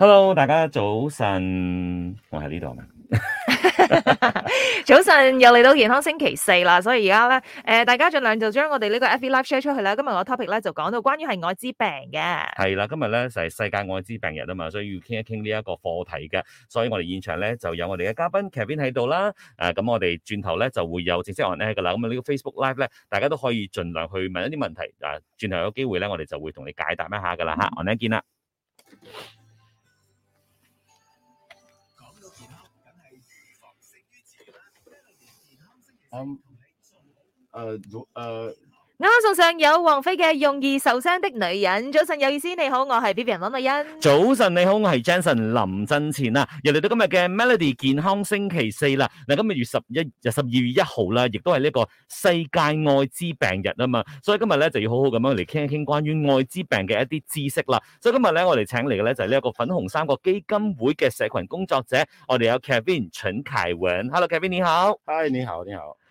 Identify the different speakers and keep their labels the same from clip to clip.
Speaker 1: Hello，大家早晨，我喺呢度。
Speaker 2: 早晨又嚟到健康星期四啦，所以而家咧，誒，大家盡量就將我哋呢個 FB Live share 出去啦。今日我 topic 咧就講到關於係艾滋病嘅。
Speaker 1: 係啦，今日咧就係世界艾滋病日啊嘛，所以要傾一傾呢一個課題嘅。所以我哋現場咧就有我哋嘅嘉賓 Kevin 喺度啦。誒，咁我哋轉頭咧就會有正式 online 噶啦。咁啊，呢個 Facebook Live 咧，大家都可以盡量去問一啲問題。嗱，轉頭有機會咧，我哋就會同你解答一下噶啦吓。online 見啦。
Speaker 3: 誒、嗯、誒、
Speaker 2: 呃，啱啱送上有王菲嘅《容易受傷的女人》。早晨有意思，你好，我係 B B 林美欣。
Speaker 1: 早晨你好，我係 Jensen 林振前啦。又嚟到今日嘅 Melody 健康星期四啦。嗱，今日月十一就十二月一號啦，亦都係呢個世界艾滋病日啊嘛。所以今日咧就要好好咁樣嚟傾一傾關於艾滋病嘅一啲知識啦。所以今日咧我哋請嚟嘅咧就係呢一個粉紅三角基金會嘅社群工作者，我哋有 Kevin 陳凱文。Hello，Kevin 你好。Hi，你好，你好。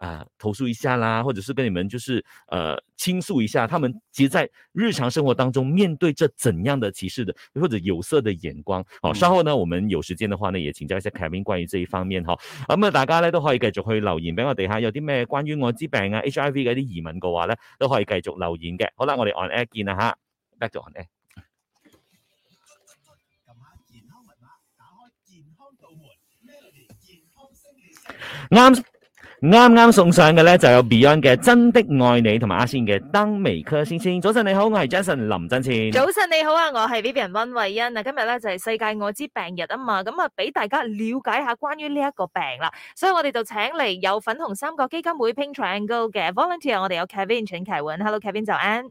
Speaker 1: 啊，投訴一下啦，或者是跟你們就是，呃，傾訴一下，他們其實在日常生活當中面對着怎樣的歧視的或者有色的眼光。好、啊嗯，稍後呢，我們有時間的話呢，也請教一下 Kevin 關於這一方面。哈，咁啊，大家呢都可以繼續去留言俾我哋，下有啲咩關於艾滋病啊、H I V 嗰啲疑問嘅話呢，都可以繼續留言嘅。好啦，我哋、嗯、on air 見啦，吓，back to on air。啱。啱啱送上嘅呢，就有 Beyond 嘅真的愛你同埋阿仙嘅登眉科先生，早晨你好，我係 Jason 林真千。早
Speaker 2: 晨你好啊，我係 Vivian 溫慧欣啊，今日呢，就係、是、世界艾滋病日啊嘛，咁啊俾大家了解下關於呢一個病啦，所以我哋就請嚟有粉紅三角基金會、Pink、Triangle 嘅 Volunteer，我哋有 Kevin 陳啟文，Hello Kevin Ann。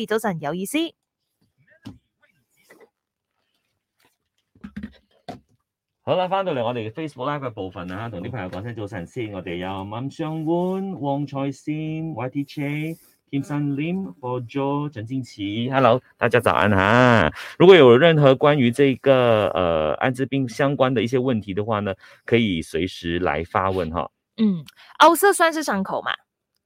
Speaker 2: 早晨，有意思。
Speaker 1: 好啦，返到嚟我哋 Facebook Live 嘅部分啊，同啲朋友講聲早晨先。我哋有文尚歡、黃彩仙、Y T J、Kim Sun Lim、Jo Jo、鄭千慈。Hello，大家早安吓！如果有任何關於這個誒艾滋病相關的一些問題的話呢，可以隨時來發問哈。嗯，
Speaker 2: 凹色算是傷口嘛？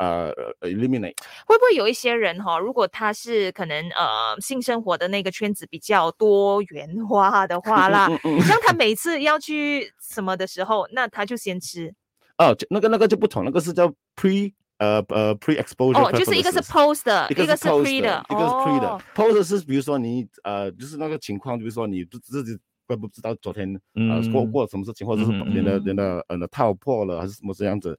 Speaker 2: 呃、uh, eliminate 會不會有一些人哈、哦？如果他是可能呃性生活的那個圈子比較多元化的話啦，咁 他每次要去什麼的時候，那他就先吃。
Speaker 3: 哦、 啊，就那個那個就不同，那個是叫 pre，呃、uh, 誒 pre exposure，哦，oh, 就是一個是 post，一個是 pre 的，一個是 pre 的,、哦、是 pre 的，post 的是，比如說你呃，就是那個情況，就是說你自自己都不知道昨天、mm -hmm. 啊過過什麼事情，或者是人、mm -hmm. 的人的,的嗯套破了，還是什麼這樣子。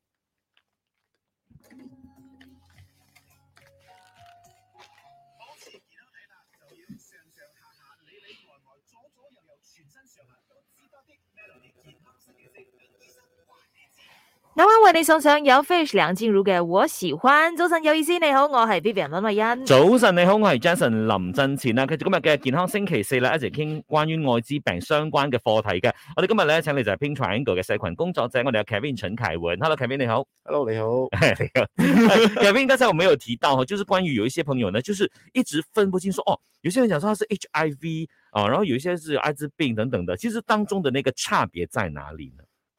Speaker 2: 今晚為你送上有 fish 梁靜茹嘅我喜歡。早晨，有意思，你好，我係 Vivian 溫慧欣。
Speaker 1: 早晨你好，我係 Jason 林振前啦。佢哋今日嘅健康星期四啦，一直傾關於艾滋病相關嘅課題嘅。我哋今日咧請嚟就係 Ping Triangle 嘅社群工作者，我哋嘅 Kevin 陳啟文。Hello，Kevin 你好。Hello，你好。你好。Kevin 剛才我沒有提到，哈，就是關於有一些朋友呢，就是一直分不清說，說哦，有些人想說係 HIV 啊、哦，然後有一些係艾滋病等等的，其實當中的那個差別在哪裡呢？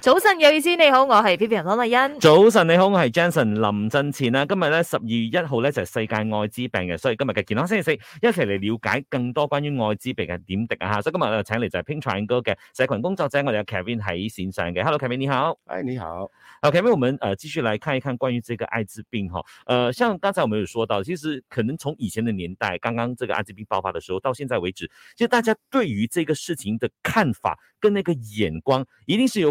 Speaker 2: 早晨有意思，你好，我係 P P R 方麗欣。
Speaker 1: 早晨你好，我係 Jenson 林振前啦、啊。今呢日咧十二月一號咧就係、是、世界艾滋病嘅，所以今日嘅健康星期四一齊嚟了解更多關於艾滋病嘅點滴啊吓。所以今日我哋請嚟就係 p i n t a n 哥嘅社群工作者，我哋嘅 Kammy 喺線上嘅。Hello，Kammy 你好，哎你好，o k a 我們誒繼續來看一看關於這個艾滋病哈、啊。誒、呃，像剛才我們有說到，其實可能從以前的年代，剛剛這個艾滋病爆發的時候，到現在為止，就是、大家對於這個事情的看法跟那個眼光一定是有。